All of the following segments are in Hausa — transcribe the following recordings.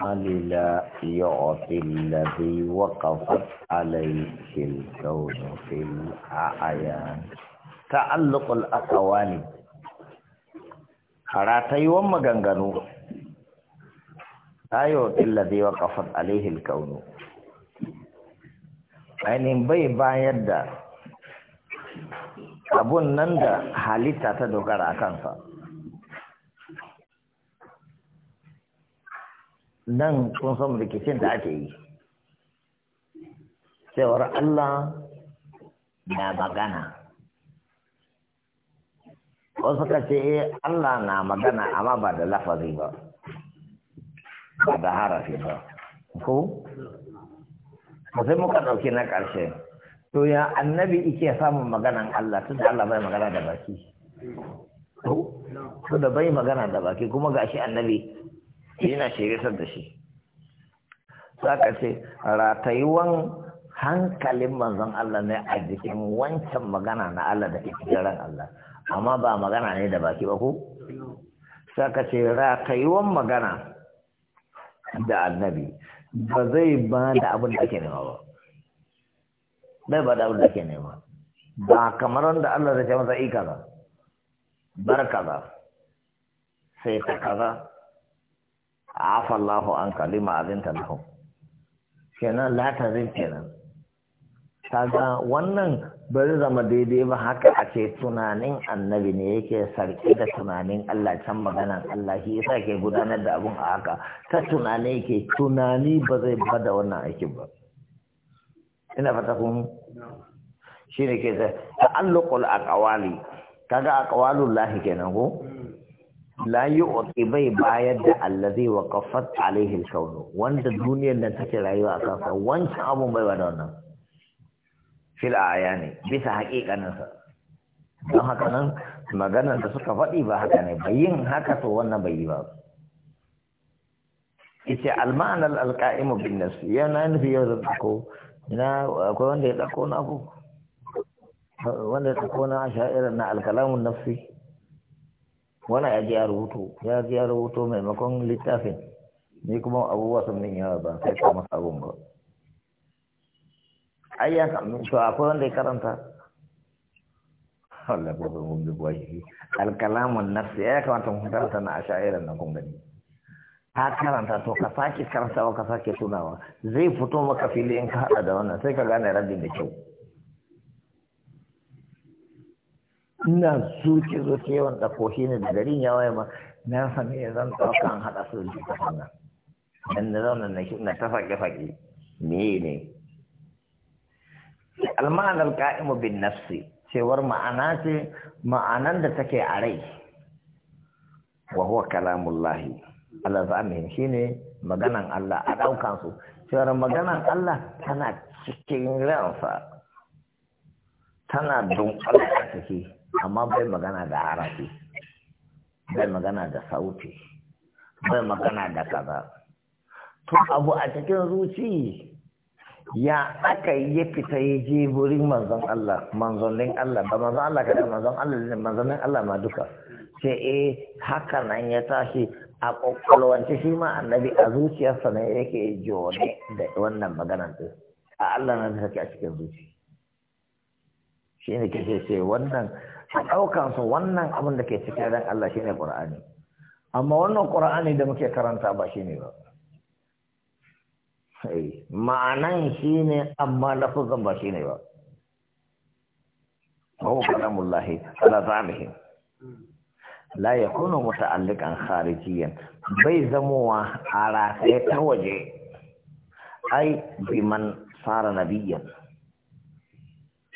للا يعطي الذي وقفت عليه الكون في الأعيان تعلق الأكوان راتي ومغنغنو لا يعطي الذي وقفت عليه الكون ainihin bai bayar da abun nan da halitta ta dogara a kansa nan kun san rikicin da ake yi cewar Allah na magana wasu suka ce eh, Allah na magana amma ba da lafazi ba ba da harafi ba ko sai muka ɗauki na ƙarshe to ya annabi ike samun maganan Allah tun da Allah bai magana da baki ko da bai magana da baki kuma gashi annabi yana shirisar da shi za ka ce ratayuwan hankalin manzon Allah ne a jikin wancan magana na Allah da Allah amma ba magana ne da baki ba ko za ka ce ratayuwan magana da annabi ba zai ba da abin da ake nema ba bai ba da abin da ke nema ba kamar wanda Allah zai ce masa ika ba bar kaza sai ta kaza afa Allahu an kalima ta lahum kenan latazin kenan kaga wannan bari zama daidai ba haka ake tunanin annabi ne yake sarki da tunanin Allah can maganan Allah shi yasa ke gudanar da abun a haka ta tunani yake tunani ba zai bada wannan aiki ba ina fata kun shi ne ke da Akawali. aqwali kaga aqwalul kenan ko la yu'ti bai bayar da allazi wa qaffat alaihin al wanda duniyar da take rayuwa a kasa wancan abun bai ba da wannan fil ne bisa haƙiƙaninsa don haka nan maganar da suka faɗi ba haka ne ba yin haka to wannan bai yi ba ita al alƙa'imu bin nasu yau na yana nufi yau da ko na akwai wanda ya dauko na abu wanda ya dauko na asha'ira na al nafsi wannan ya ji ya rubuto ya ji ya rubuto maimakon littafin ni kuma abubuwa sun min yawa ba sai kuma masa abun ba ayyan ya to akwai wanda ya karanta Allah ko mun bi wai alkalamun nafsi ya kamata mun karanta na ashairan nan kun gani ka karanta to ka sake karantawa ka sake tunawa zai fito maka fili in ka hada da wannan sai ka gane rabbin da kyau ina zuke zuke yawan ɗafo shi ne da garin ya waye ma na sami ya zan ɗauka an haɗa su da ta sannan dan na zauna na shi na ta faƙe faƙe me ne alma'anar ka'imu bin nafsi cewar ma'ana ce ma'anan da take a rai wa huwa kalamullahi Allah Shi ne maganan Allah a ɗaukan su cewar maganan Allah tana cikin ransa tana dunƙal a ciki amma bai magana da harafi bai magana da sauti bai magana da kaza to abu a cikin zuci ya aka yi ya fita ya je wurin manzon Allah manzonin Allah ba manzon Allah kada manzon Allah ne manzonin Allah ma duka sai eh haka nan ya tashi a kokolwance shi ma annabi a zuciyarsa ne yake jone da wannan maganar din a Allah na take a cikin zuciya shi ne kake ce wannan su wannan abin da ke cikin dan Allah shi ne ƙura'ani amma wannan ƙura'ani da muke karanta ba shi ne ba ma'anan shi ne amma lafazan ba shi ne ba ko kalamullahi ala zalihin la yakunu muta'alliqan kharijiyan bai zamowa a rasai ta waje ai biman fara nabiyyan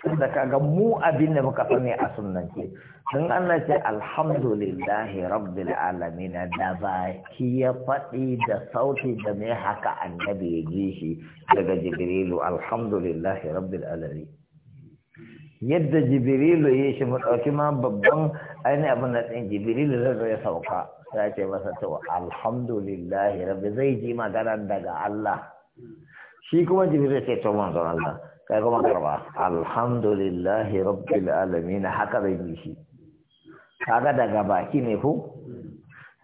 tunda kaga mu abin da muka sani a sunnance don Allah ce alhamdulillahi rabbil alamin da baki ya faɗi da sauti da mai haka annabi ya ji shi daga jibrilu alhamdulillahi rabbil alamin yadda jibrilu ya shi mu dauki ma babban ainihin abin da ɗin jibrilu zai ya sauka sai ce masa to alhamdulillahi rabbi zai ji magana daga Allah shi kuma jibrilu sai to manzon Allah kai kuma karba alhamdulillahi rabbil alamin haka zai yi shi kaga daga baki ne ko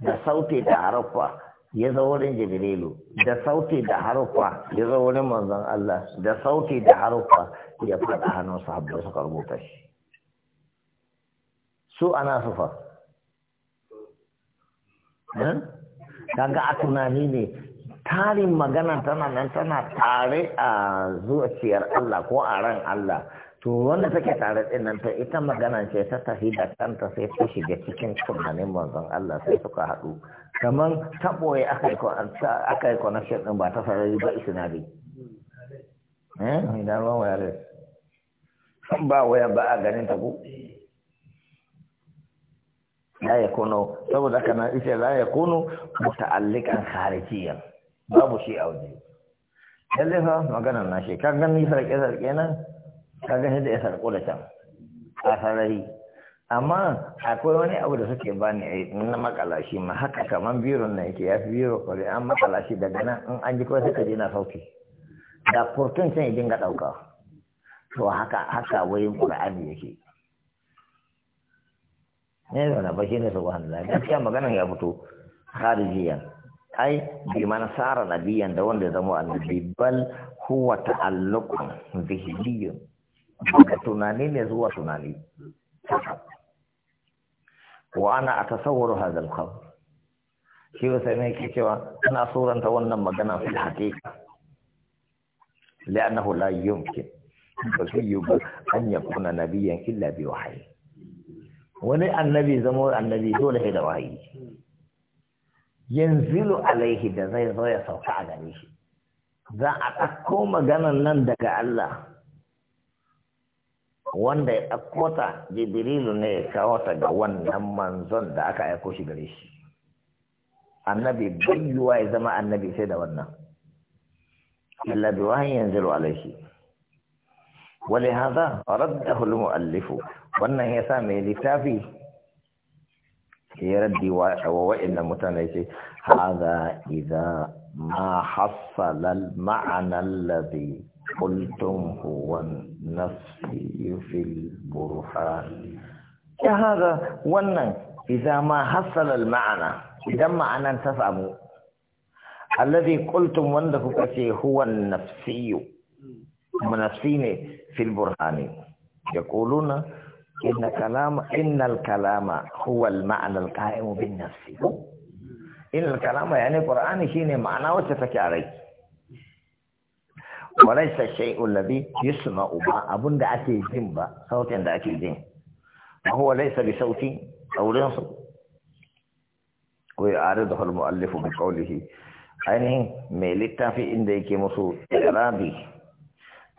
da sauti da harafa ya zo wurin jibrilu da sauti da harafa ya zo wurin manzon Allah da sauti da harafa ya fada hannun sahabbai suka rubuta shi su ana sufa eh? kaga a tunani ne tarin magana tana nan tana tare a zuciyar Allah ko a ran Allah to wanda take tare din nan ta ita magana ce ta tafi da kanta sai ta shiga cikin tunanin manzon Allah sai suka haɗu kaman taboye aka yi aka yi connection din ba ta sarari ba isnadi eh idan ruwan waya ne ba waya ba a ganin ta ko la yakunu saboda kana ita la yakunu muta'alliqan kharijiyan babu shi a waje lalle fa maganar na shi kan gani sarki sarke nan ka gani da ya sarko da can a sarari amma akwai wani abu da suke bani na makala shi ma haka kamar biron na yake ya fi biro kwari an makala shi daga nan in an ji kawai suka jina sauki da kurtun can ya dinga ɗauka to haka haka wai ƙur'ani yake ne da ba shi ne subhanallah gaskiya maganan ya fito kharijiyan ai mana sara nabi da wanda zama annabi bal huwa ta'alluqan zihdiyo tunani ne zuwa tunani wa ana atasawwaru hadha al-qawl shi wa sai ne cewa ina ta wannan magana fil haqiqa la'annahu la yumkin ba shi yubu an yakuna nabiyyan illa bi wahyi wani annabi zama annabi dole da wahyi yanzilu alaihi da zai zo ya sauka a gare shi za a ɗauko maganan nan daga Allah wanda ya ɗauko ta jibrilu ne ya kawo ta ga wannan manzon da aka aiko shi gare shi annabi bayyuwa ya zama annabi sai da wannan Allah yanzilu alaihi ولهذا رده المؤلف wannan yasa mai littafi يردي وإن متنيسي هذا إذا ما حصل المعنى الذي قلتم هو النفسي في البرهان كهذا وإن إذا ما حصل المعنى إذا ما معنى تفهموا الذي قلتم وندفوا كسي هو النفسي منفسين في البرهان يقولون إن كلام إن الكلام هو المعنى القائم بالنفس إن الكلام يعني القرآن شيء معنى وتفكي عليه وليس الشيء الذي يسمع ما أبن دعتي أكي با صوت عند أكي جن وهو ليس بصوت أو لنصب ويعارضه المؤلف بقوله أين يعني ميلتا في إن ديكي مصور إعرابي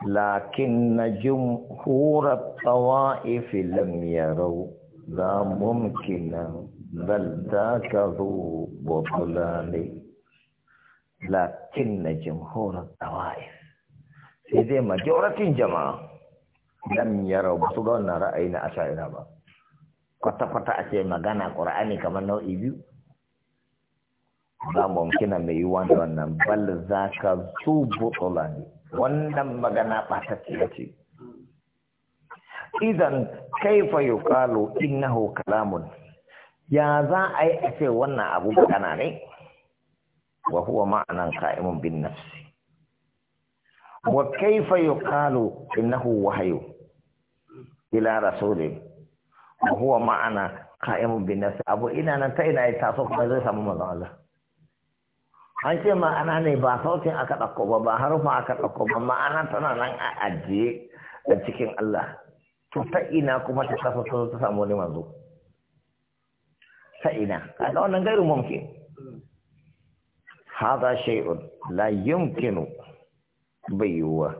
lakin na jumhura tsawa'ifi lam yarau za mumkinan bal zakaru bukula ne lakin na jumhura tsawa'ifi sai zai majoratin jama'a dan yarau ba su ga wannan ra'ayi na asha'ira ba kwata-kwata a ce magana ƙura'ani kamar nau'i biyu za mumkinan mai yi wani wannan bal zakaru bukula ne wannan magana ta ce idan kaifa yuqalu innahu kalamun ya za a yi a ce wannan abu magana ne wa huwa ma'anan ka’imun bin nafsi wa kaifa yuqalu innahu wahayu. ila rasuli wa huwa ma'ana ka’imun bin nafsi abu ina nan ta ina ya taso kuma zai samu manzon Allah an ce ma'ana ne ba sautin aka ɗauko ba ba harufa aka ɗauko ba ma'ana tana nan a ajiye a cikin Allah to ta ina kuma ta kafa sun ta samu wani manzo ta ina ga wannan gairu mumkin hada shay'un la yumkinu bayuwa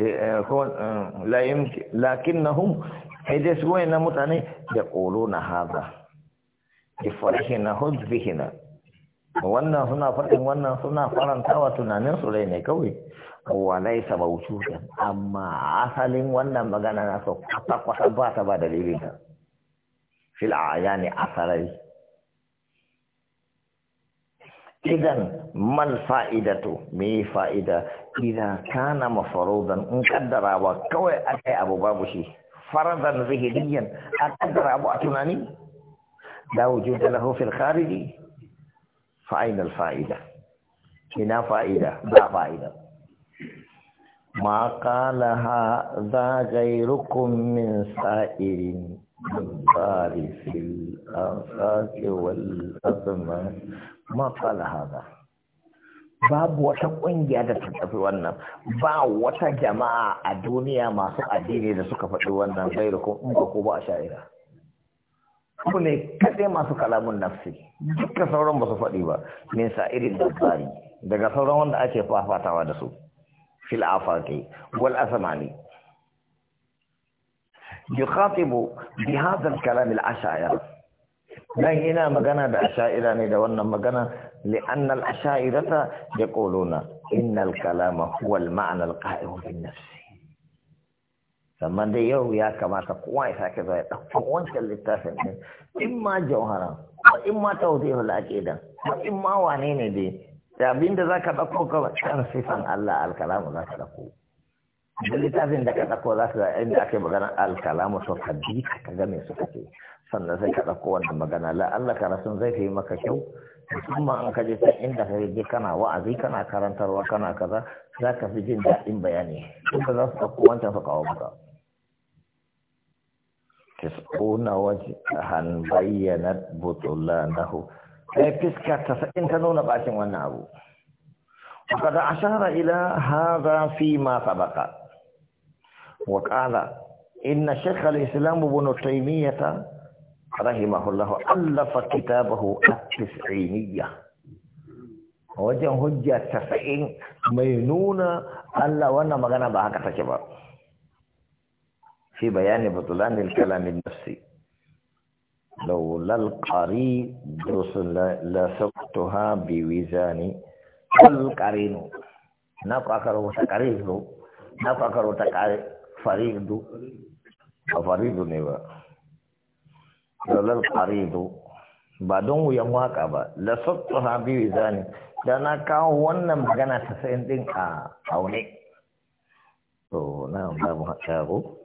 eh, eh, la yumkin lakinnahum hidis wa na mutane da na hun! ifarihina hudbihina wannan suna faɗin wannan suna farantawa tunanin su rai ne kawai walai sa mawjudan amma asalin wannan magana na so kwata kwata ba ta ba dalilin ta fil ayani asalai idan mal fa'idatu me fa'ida idan kana mafarudan in kaddarawa kawai akai abu babu shi faradan zihiriyan a kaddara abu a tunani da wujuda lahu fil khariji fa'idar fa'ida ina fa'ida ba fa'ida ma kala ha zagairukun min sa'irin bari fil ansaki wal azuma ma kala haza babu wata ƙungiya da ta tafi wannan ba wata jama'a a duniya masu addini da suka faɗi wannan gairukun in ba ko ba a sha'ira su ne kaɗai masu kalamun nafsi duka sauran ba su faɗi ba min sa'irin dabbari daga sauran wanda ake fafatawa da su fil afaqi wal asmani yukhatibu bi hadha al kalam al ashaira dan ina magana da ashaira ne da wannan magana li anna al ashairata yaquluna inna al kalama huwa al ma'na al qa'im fi nafsi sannan dai yau ya kamata kowa ya sake zai ɗauko wancan littafin ɗin in ma jauhara ko in ma tawdihul aqida ko in ma wane ne dai da abin da zaka ɗauko ka kan sifan Allah alkalamu zaka ɗauko da littafin da ka ɗauko za ka inda ake magana alkalamu so ka bi ka ga me suka ce sannan sai ka ɗauko wannan magana la Allah karatun zai fi maka kyau musamman an ka je san inda ka je kana wa'azi kana karantarwa kana kaza za ka fi jin daɗin bayani kuma za su ɗauko wancan su kawo maka تسعون وجها بينت بطلانه أي فسكة تسعين تنون باشن وانا أبو وقد أشار إلى هذا فيما سبق وقال إن شيخ الإسلام ابن تيمية رحمه الله ألف كتابه التسعينية وجه حجه tasa'in mai nuna وانا wannan magana ba haka في بيان بطلان الكلام النفسي لولا القري درس لسقتها بوزاني والقرين نبقى كرو تقريب نبقى كرو تقريب فريد فريد نبقى لولا القريب ba don wuyan waka ba la sattu ha bi wizani da na kawo wannan magana ta sayin din a aune to na ba mu haɗa ko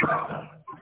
Thank you.